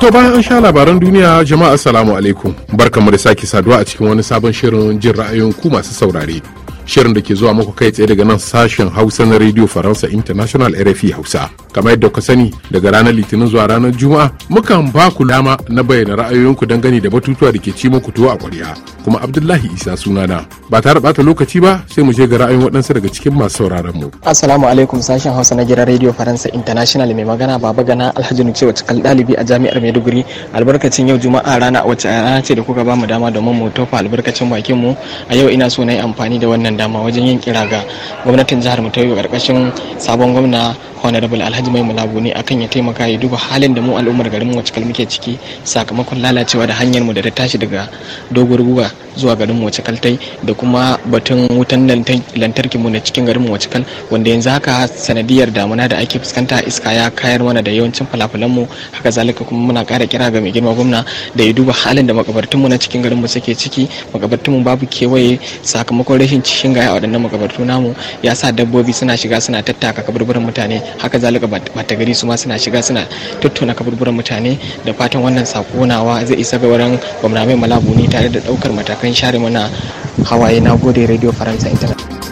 To bayan an sha labaran duniya jama'a assalamu alaikum barkamu da sake saduwa a cikin wani sabon shirin jin ra'ayoyin ku masu saurare. shirin da ke zuwa muku kai tsaye daga nan sashen hausa na radio faransa international rfi hausa kamar yadda ku sani daga ranar litinin zuwa ranar juma'a mukan ba ku dama na bayyana ra'ayoyinku dangane da batutuwa da ke ci muku tuwo a ƙwarya kuma abdullahi isa sunana ba tare bata lokaci ba sai mu je ga ra'ayin waɗansu daga cikin masu sauraron mu assalamu alaikum sashen hausa na gidan radio faransa international mai magana baba gana alhaji nuce wacce kal ɗalibi a jami'ar maiduguri albarkacin yau juma'a rana wacce rana ce da kuka ba mu dama domin mu tofa albarkacin bakin mu a yau ina so na yi amfani da wannan dama wajen yin kira ga gwamnatin jihar mu ta karkashin sabon gwamna honorable alhaji mai mulabu ne akan ya taimaka ya duba halin da mu al'ummar garin mu wacce muke ciki sakamakon lalacewa da hanyar mu da ta tashi daga doguwar guga zuwa garin mu tai da kuma batun wutan lantarki mu na cikin garin mu wacce wanda yanzu haka sanadiyar damuna da ake fuskanta iska ya kayar mana da yawancin falafalan mu haka zalika kuma muna kara kira ga mai girma gwamna da ya duba halin da makabartun mu na cikin garin mu suke ciki makabartun mu babu kewaye sakamakon rashin shingaye a waɗannan makabartu namu ya sa dabbobi suna shiga suna tattaka kaburburan mutane haka zalika bata gari su ma suna shiga suna tattuna kaburburan mutane da fatan wannan sako nawa zai isa ga wurin gwamnati malabuni tare da daukar matakan share mana hawaye na gode radio faransa internet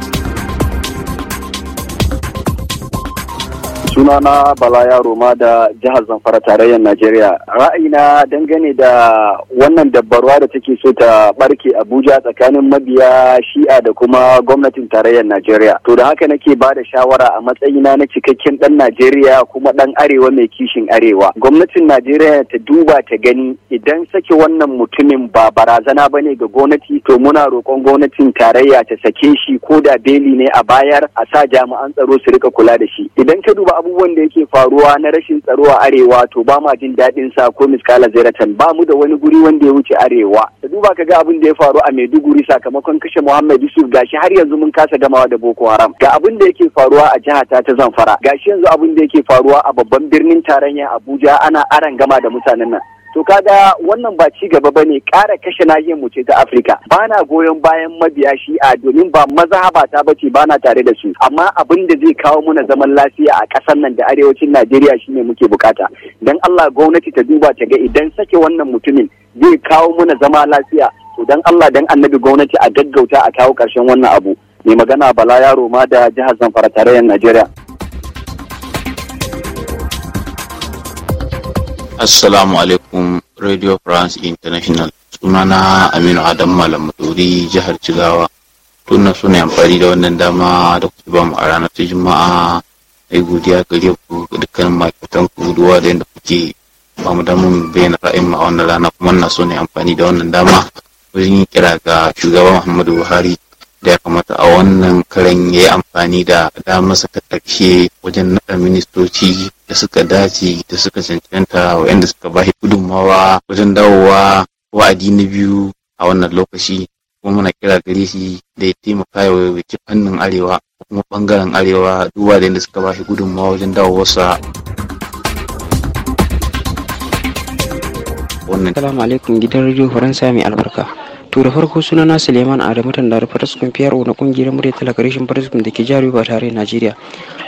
na bala yaro ma da jihar zamfara tarayyar najeriya ra'ayina dangane da wannan dabbarwa da take so ta barke abuja tsakanin mabiya shi'a da kuma gwamnatin tarayyar najeriya to da haka nake ba da shawara a matsayina na cikakken dan najeriya kuma dan arewa mai kishin arewa gwamnatin najeriya ta duba ta gani idan sake wannan mutumin ba barazana bane ga gwamnati to muna roƙon gwamnatin tarayya ta sake shi ko da beli ne a bayar a sa jami'an tsaro su rika kula da shi idan ka duba abubuwan da yake faruwa na rashin tsaro a arewa to ba ma jin daɗin sa ko miskala zairatan ba mu da wani guri wanda ya wuce arewa da duba ka ga abin da ya faru a maiduguri sakamakon kashe muhammad yusuf gashi har yanzu mun kasa gamawa da boko haram ga abin da yake faruwa a jihata ta zamfara gashi yanzu abin da yake faruwa a babban birnin tarayya abuja ana aran gama da mutanen nan to kaga wannan ba ci gaba bane ƙara kashe nahiyar mu ce ta Afirka bana goyon bayan mabiya shi'a domin ba maza ba ta bace bana tare da su amma abin da zai kawo mana zaman lafiya a ƙasar nan da arewacin Najeriya shine muke bukata dan Allah gwamnati ta duba ta ga idan sake wannan mutumin zai kawo mana zama lafiya to dan Allah dan annabi gwamnati a gaggauta a kawo karshen wannan abu mai magana bala yaro ma da jihar Zamfara tarayyar Najeriya Assalamu alaikum Radio France International sunana Aminu Adam Malam Maduri jihar Jigawa tunna suna amfani da wannan dama da kuke ba mu a ranar ta Juma'a ai godiya gare ku ga ma'aikatan ku duwa da yanda kuke ba mu damu mu bayyana ra'ayin mu a wannan rana kuma na so ne amfani da wannan dama wajen kira ga shugaba Muhammadu Buhari da ya kamata a wannan karen ya yi amfani da damarsa ta ƙarshe wajen naɗa ministoci da suka dace da suka cancanta yadda suka bashi gudunmawa wajen dawowa wa'adi na biyu a wannan lokaci kuma muna kira gare shi da ya taimaka ya wace fannin arewa kuma bangaren arewa duba da yadda suka bashi gudunmawa wajen dawowarsa wannan. Salamu alaikum gidan Radio Faransa mai albarka. to da farko suna na suleiman adamu tandar fataskun fiyaro na kungiyar murya talakarishin fataskun da ke jari ba tare najeriya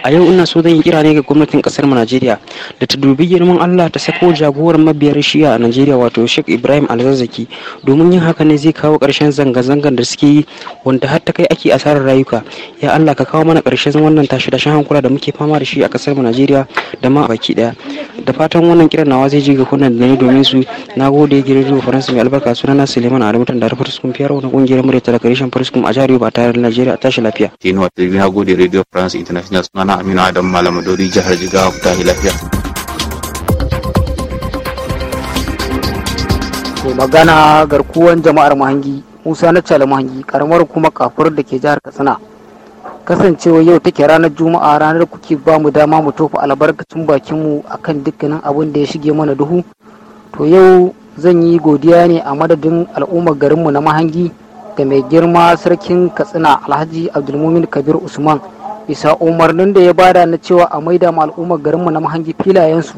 a yau ina so zan yi kira ne ga gwamnatin kasar mu najeriya da ta dubi girman allah ta sako jagoran mabiyar shiya a najeriya wato sheikh ibrahim alzazzaki domin yin haka ne zai kawo karshen zanga-zangar da suke yi wanda har ta kai ake asarar rayuka ya allah ka kawo mana karshen wannan tashi da hankula da muke fama da shi a kasar mu najeriya da ma baki daya da fatan wannan kiran nawa zai ji ga kunan da ne domin su na gode gidan faransa mai albarka sunana suleiman adamu tandar Umar Fatuskum Fiyarwa na kungiyar murya talaka reshen Fatuskum a jihar Yobe a da Najeriya a tashi lafiya. Tinuwa Tirgin na gode Radio France International sunana Aminu Adam Malam Dori jihar Jigawa ku tashi lafiya. To magana garkuwan jama'ar muhangi Musa na Cala Mahangi karamar kuma kafur da ke jihar Katsina. kasancewa yau take ranar juma'a ranar kuke ba mu dama mu tofa albarkacin bakinmu akan dukkanin abin da ya shige mana duhu to yau zan yi godiya ne a madadin al'ummar garinmu na mahangi da mai girma sarkin katsina alhaji abdulmumin kabir usman Isa umarnin da ya bada na cewa a maida ma al'ummar garinmu na mahangi filayensu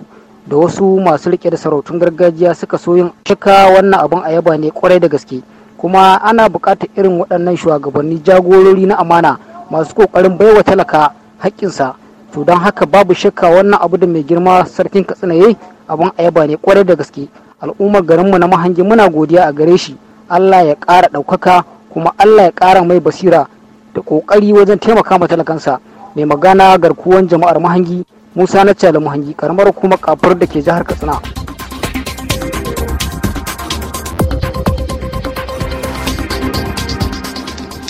da wasu masu rike da sarautun gargajiya suka so yin shaka wannan abin a yaba ne kwarai da gaske kuma ana buƙatar irin waɗannan shugabanni jagorori na amana masu ƙoƙarin baiwa talaka haƙƙinsa to don haka babu shakka wannan abu da mai girma sarkin katsina yayi abin a yaba ne kwarai da gaske al'ummar garinmu na mahangi muna godiya a gare shi allah ya ƙara ɗaukaka kuma allah ya ƙara mai basira da ƙoƙari wajen taimaka ma talakansa mai magana garkuwan jama'ar mahangi musa na cale mahangi karamar kuma kafar da ke jihar katsina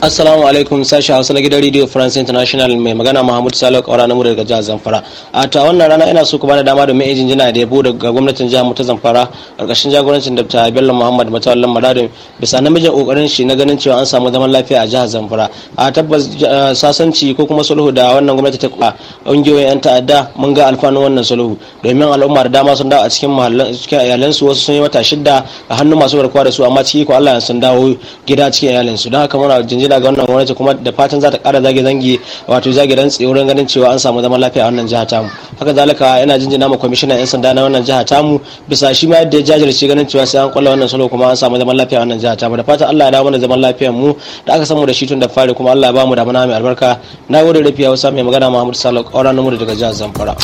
assalamu alaikum sashi hausa na gidan radio france international mai magana mahmud salo kaura na daga jihar zamfara a ta wannan rana ina so ku bani dama domin injin jina da yabo daga gwamnatin jihar mu ta zamfara karkashin jagorancin dr bello muhammad matawallan maradun bisa namijin kokarin shi na ganin cewa an samu zaman lafiya a jihar zamfara a tabbas sasanci ko kuma sulhu da wannan gwamnati ta kwa ƙungiyoyin yan ta'adda mun ga alfanun wannan sulhu domin al'umma da dama sun dawo a cikin cikin iyalansu wasu sun yi mata shidda a hannun masu barkuwa da su amma ciki ko Allah sun dawo gida cikin iyalansu don haka muna jinjin kira ga wannan gwamnati kuma da fatan za ta kara zage zangi wato zage rantsi wurin ganin cewa an samu zaman lafiya a wannan jiha tamu haka zalika yana jinjina ma kwamishinan yan sanda na wannan jiha tamu bisa shi ma yadda ya jajirce ganin cewa sai an kwalla wannan salo kuma an samu zaman lafiya a wannan jiha tamu da fatan Allah ya dawo mana zaman lafiyar mu da aka samu da shi tun da fari kuma Allah ya ba mu da mana mai albarka na gode rafiya wasa mai magana Muhammad Salak auren numuru daga jihar Zamfara.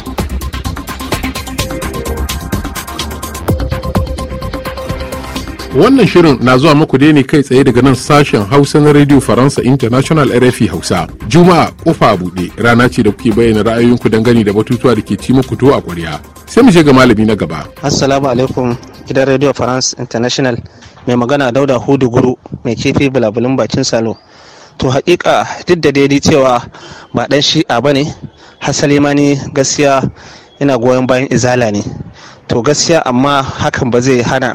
wannan shirin na zuwa muku ne kai tsaye daga nan sashen hausa na radio faransa international rfi hausa juma'a kofa a buɗe rana ce da kuke bayyana ra'ayoyinku dangane da batutuwa da ke ci muku to a ƙwarya sai mu je ga malami na gaba assalamu alaikum gidan radio faransa international mai magana dauda hudu guru mai kifi bulabulin bakin salo to hakika duk da daidai cewa ba dan shi'a bane hasali ma ni gaskiya ina goyon bayan izala ne to gaskiya amma hakan ba zai hana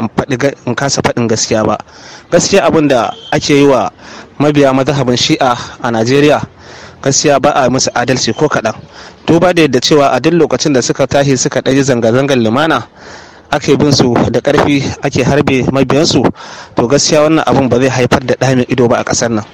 in kasa faɗin gaskiya ba gaskiya abin da ake yi wa mabiya mazhabin shi'a a najeriya gaskiya ba a musu adalci ko kaɗan duba da yadda cewa a duk lokacin da suka tashi suka ɗaya zanga-zangar lumana ake bin su da ƙarfi ake harbe mabiyansu to gaskiya wannan abin ba zai haifar da ɗa ido ba a ƙasar nan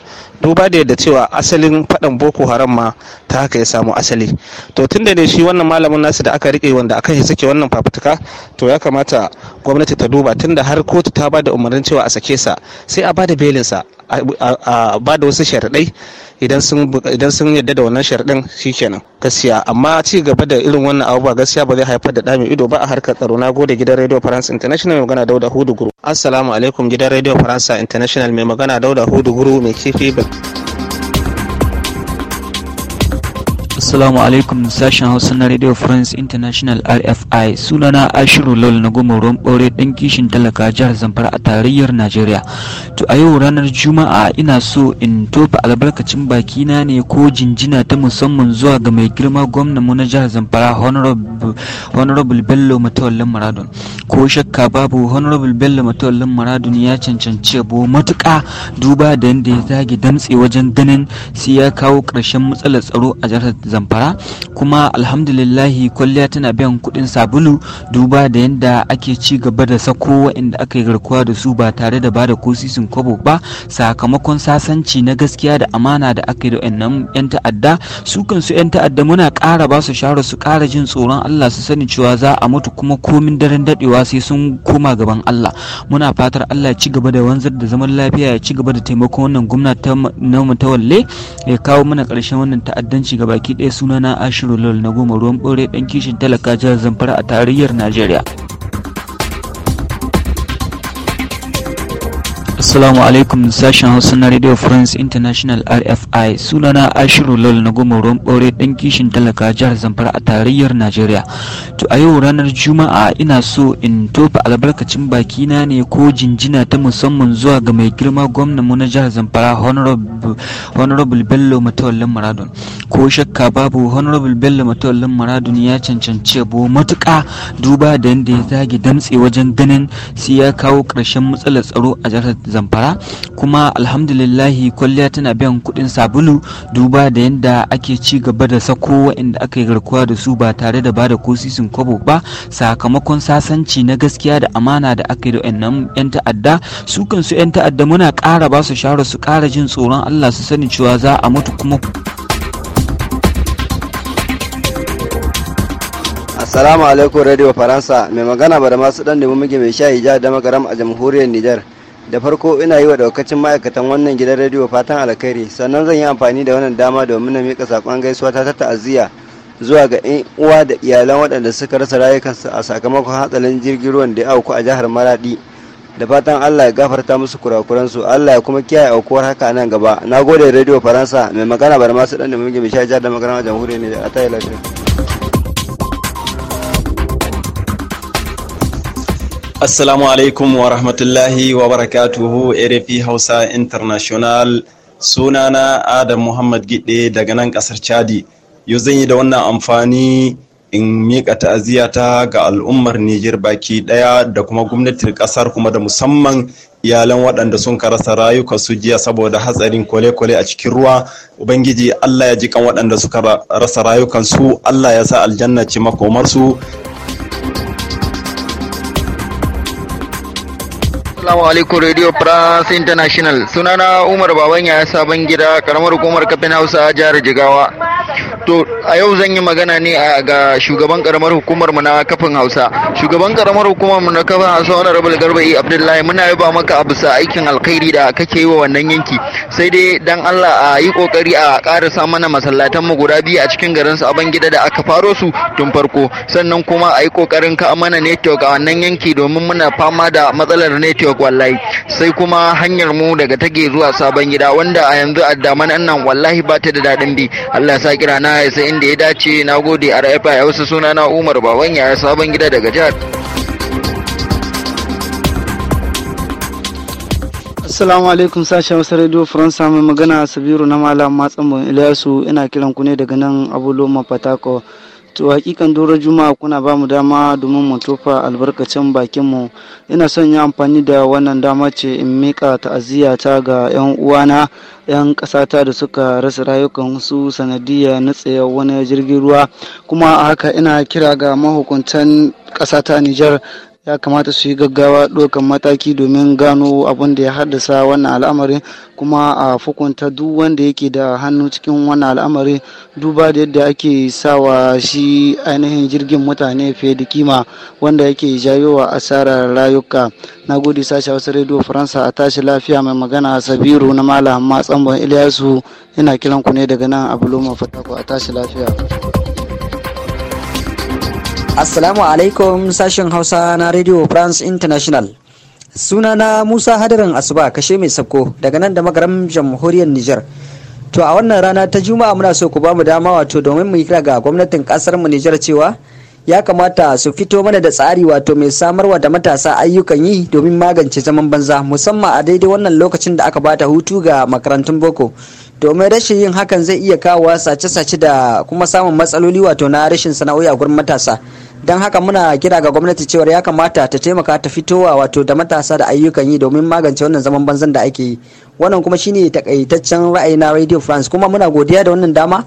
duba da yadda cewa asalin faɗan boko haram ma ta haka ya samu asali to tun da ne shi wannan malamin nasu da aka rike wanda akan suke wannan fafutuka to ya kamata gwamnati ta duba tunda har kotu ta ba da umarnin cewa a sake sa sai a ba da belinsa a ba da wasu sharaɗai idan sun yadda da wannan sharaɗin kenan. gaskiya amma ci gaba da irin wannan abubuwa gaskiya ba zai haifar da ɗami ido ba a harkar tsaro na gode gidan radio france international mai magana dauda hudu guru assalamu alaikum gidan radio Faransa international mai magana dauda hudu guru mai kifi Assalamu alaikum sashen Hausa na Radio France International RFI sunana Ashiru lal na ruwan ɓaure ɗan kishin talaka jihar Zamfara a tarayyar Najeriya. To a yau ranar Juma'a ina so in tofa albarkacin bakina ne ko jinjina ta musamman zuwa ga mai girma gwamnanmu na jihar Zamfara Honorable Bello Matawallan Maradon. Ko shakka babu Honorable Bello Matawallan Maradon ya cancanci abu matuƙa duba da yadda ya zage damtse wajen ganin sai ya kawo ƙarshen matsalar tsaro a jihar zamfara kuma alhamdulillahi kwalliya tana biyan kuɗin sabulu duba da yadda ake ci gaba da sako waɗanda aka yi garkuwa da su ba tare da bada ko sisin ba sakamakon sasanci na gaskiya da amana da aka yi da waɗannan 'yan ta'adda su kansu 'yan ta'adda muna kara ba su share su kara jin tsoron Allah su sani cewa za a mutu kuma komin daren daɗewa sai sun koma gaban Allah muna fatar Allah ya ci gaba da wanzar da zaman lafiya ya ci gaba da taimakon wannan gwamnati na mutawalle ya kawo mana ƙarshen wannan ta'addanci baki ɗaya sunana ashiru lol na goma ruwan bore ɗan kishin talaka jihar zamfara a tarayyar najeriya Assalamu alaikum sashen Hausa na Radio France International RFI sunana Ashiru lal na goma ruwan ɓaure ɗan kishin talaka jihar Zamfara a tarayyar Najeriya. To a yau ranar Juma'a ina so in tofa albarkacin bakina ne ko jinjina ta musamman zuwa ga mai girma gwamnan mu na jihar Zamfara Honorable Bello Matawallan Maradon. Ko shakka babu Honorable Bello Matawallan Maradon ya cancanci abu matuka duba da yadda ya zage damtse wajen ganin sai ya kawo ƙarshen matsalar tsaro a jihar Zamfara. zamfara kuma alhamdulillahi kwalliya tana biyan kuɗin sabulu duba da yadda ake ci gaba da sako waɗanda aka yi garkuwa da su ba tare da bada ko sisin ba sakamakon sasanci na gaskiya da amana da aka yi da 'yan ta'adda su kansu 'yan ta'adda muna kara ba su shara su kara jin tsoron allah su sani cewa za a mutu kuma Assalamu alaikum Radio Faransa mai magana ba da masu dan nemi muke mai sha hijab da makaram a jamhuriyar Nijar. da farko ina yi wa daukacin ma'aikatan wannan gidan rediyo fatan alkhairi sannan zan yi amfani da wannan dama domin na miƙa saƙon gaisuwa ta ta'aziyya zuwa ga yan uwa da iyalan waɗanda suka rasa rayukansu a sakamakon hatsarin jirgin ruwan da ya auku a jihar maradi da fatan allah ya gafarta musu kurakuransu allah ya kuma kiyaye aukuwar haka nan gaba na gode rediyo faransa mai magana bar masu ɗan da muke bishiyar jihar da magana jamhuriyar ne da ta yi lafiya assalamu alaikum wa rahmatullahi wa barakatuhu rfi hausa international sunana adam muhammad gidde daga nan kasar chadi yau zan yi da wannan amfani in miƙa ta'aziyata ga al'ummar niger baki daya da kuma gwamnatin ƙasar kuma da musamman iyalan waɗanda sun karasa rayuka su jiya saboda hatsarin kwale-kwale a cikin ruwa ubangiji allah ya ji kan waɗanda suka rasa rayukansu allah ya sa aljanna ci makomarsu Assalamu alaikum Radio France International. Sunana Umar Babanya Sabon Gida, karamar hukumar kafin Hausa jihar Jigawa. to a yau zan yi magana ne ga shugaban karamar hukumar mu na kafin Hausa shugaban karamar hukumar mu na kafin Hausa wani rabul garbai Abdullahi muna yaba maka abu sa aikin alkhairi da kake yi wa wannan yanki sai dai dan Allah a yi kokari a sa mana masallatan mu guda biyu a cikin garin Saban gida da aka faro su tun farko sannan kuma a yi kokarin ka mana network a wannan yanki domin muna fama da matsalar network wallahi sai kuma hanyar mu daga tage zuwa Sabon gida wanda a yanzu a damanan nan wallahi ba ta da daɗin bi Allah ya sa na. ya isa inda ya dace na gode RFI Hausa suna na Umar Baban ya sabon gida daga jihar. Assalamu alaikum sashen wasu radio Faransa mai magana Sabiru na Malam Matsan Ilyasu ina kiran ku ne daga nan Abu Loma Fatako. To hakikan doron juma'a kuna ba mu dama domin mu tofa albarkacin bakin mu. Ina son yi amfani da wannan dama ce in mika ta'aziyya ta ga 'yan uwana 'yan ƙasata da suka rasa rayukan su sanadiyya nutsaya wani jirgin ruwa. Kuma haka ina kira ga mahukuntan ƙasata Nijar ya kamata su yi gaggawa ɗaukan mataki domin gano abin da ya haddasa wannan al'amarin kuma a hukunta duk wanda yake da hannu cikin wannan al'amarin duba da yadda ake sawa shi ainihin jirgin mutane fiye da kima wanda yake jayowa asarar rayuka na gode sashi wasu rediyo faransa a tashi lafiya mai magana sabiru na malam matsamban iliyasu ina kiran ku ne daga nan a buloma fatako a tashi lafiya Assalamu alaikum sashen Hausa na Radio France International. Suna na Musa Hadarin Asuba kashe mai sabko daga nan da magaram jamhuriyar Nijar. To a wannan rana ta Juma'a muna so ku ba mu dama wato domin mu kira ga gwamnatin kasar mu Nijar cewa ya kamata su fito mana da tsari wato mai samarwa da matasa ayyukan yi domin magance zaman banza musamman a daidai wannan lokacin da aka bata hutu ga makarantun boko. domin rashin yin hakan zai iya kawo sace-sace da kuma samun matsaloli wato na rashin sana'o'i a gurin matasa don haka muna kira ga gwamnati cewar ya kamata ta taimaka ta fitowa wato da matasa da ayyukan yi domin magance wannan zaman banzan da ake yi wannan kuma shine takaitaccen ra'ayi na radio france kuma muna godiya da wannan dama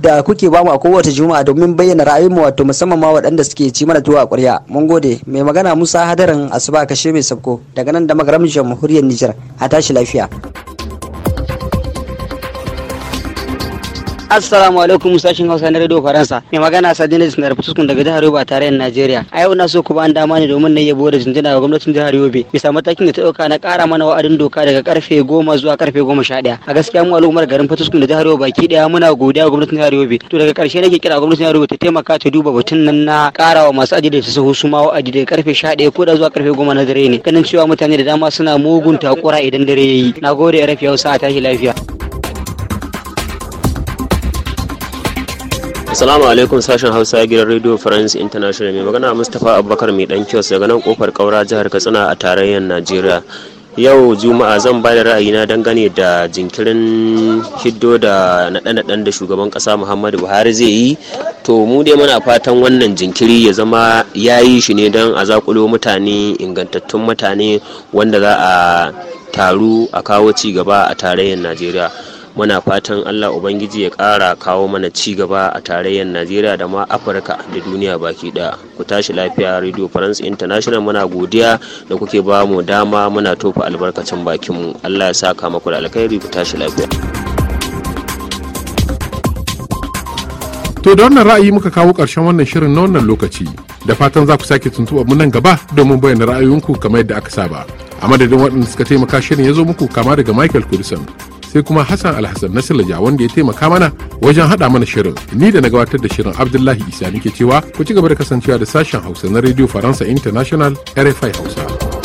da kuke bamu a kowace juma'a domin bayyana ra'ayinmu wato musamman ma waɗanda suke ci mana tuwa a ƙwarya mun gode mai magana musa hadarin asuba kashe mai sabko daga nan da magaramin jamhuriyar nijar a tashi lafiya Assalamu alaikum sashin Hausa na Radio Faransa. Mai magana Sadina Jisnar Fuskun daga jihar Yobe a tarayyar Najeriya. A yau na so ku ba dama ne domin na yabo da jinjina ga gwamnatin jihar Yobe bisa matakin da ta dauka na ƙara mana wa'adin doka daga karfe goma zuwa karfe 11. A gaskiya mu al'ummar garin Fuskun da jihar Yobe baki daya muna godiya ga gwamnatin jihar Yobe. To daga karshe nake kira gwamnatin jihar Yobe ta taimaka ta duba batun nan na ƙara wa masu ajiye da su su ma wa'adi daga karfe daya ko da zuwa karfe goma na dare ne. Ganin cewa mutane da dama suna mugun takura idan dare yayi. Nagode Rafi Hausa a tashi lafiya. Assalamu alaikum sashen Hausa gidan Radio France International mai magana Mustapha Abubakar mai dan kiyos daga nan kofar Kaura jihar Katsina a tarayyar Najeriya. Yau Juma'a zan ba da ra'ayina dangane da jinkirin hiddo da naɗe-naɗen da shugaban ƙasa Muhammadu Buhari zai yi. To mu dai muna fatan wannan jinkiri ya zama ya yi shi ne don a zakulo mutane ingantattun mutane wanda za a taru a kawo ci gaba a tarayyar Najeriya. muna fatan allah ubangiji ya kara kawo mana ci gaba a tarayyar najeriya da ma afirka da duniya baki ɗaya ku tashi lafiya radio france international muna godiya da kuke ba mu dama muna tofa albarkacin bakinmu allah ya saka maku da alkhairi ku tashi lafiya To da wannan ra'ayi muka kawo ƙarshen wannan shirin na wannan lokaci da fatan za ku sake tuntuɓa mu nan gaba domin bayyana ra'ayoyinku kamar yadda aka saba. A madadin waɗanda suka taimaka shirin ya zo muku kama daga Michael Kudisan sai kuma Hassan Alhassan Nasirlaja wanda ya taimaka mana wajen haɗa mana shirin. Ni da na gabatar da shirin Abdullahi Isa nake cewa ku ci gaba da kasancewa da sashen Hausa na Radio Faransa International RFI Hausa.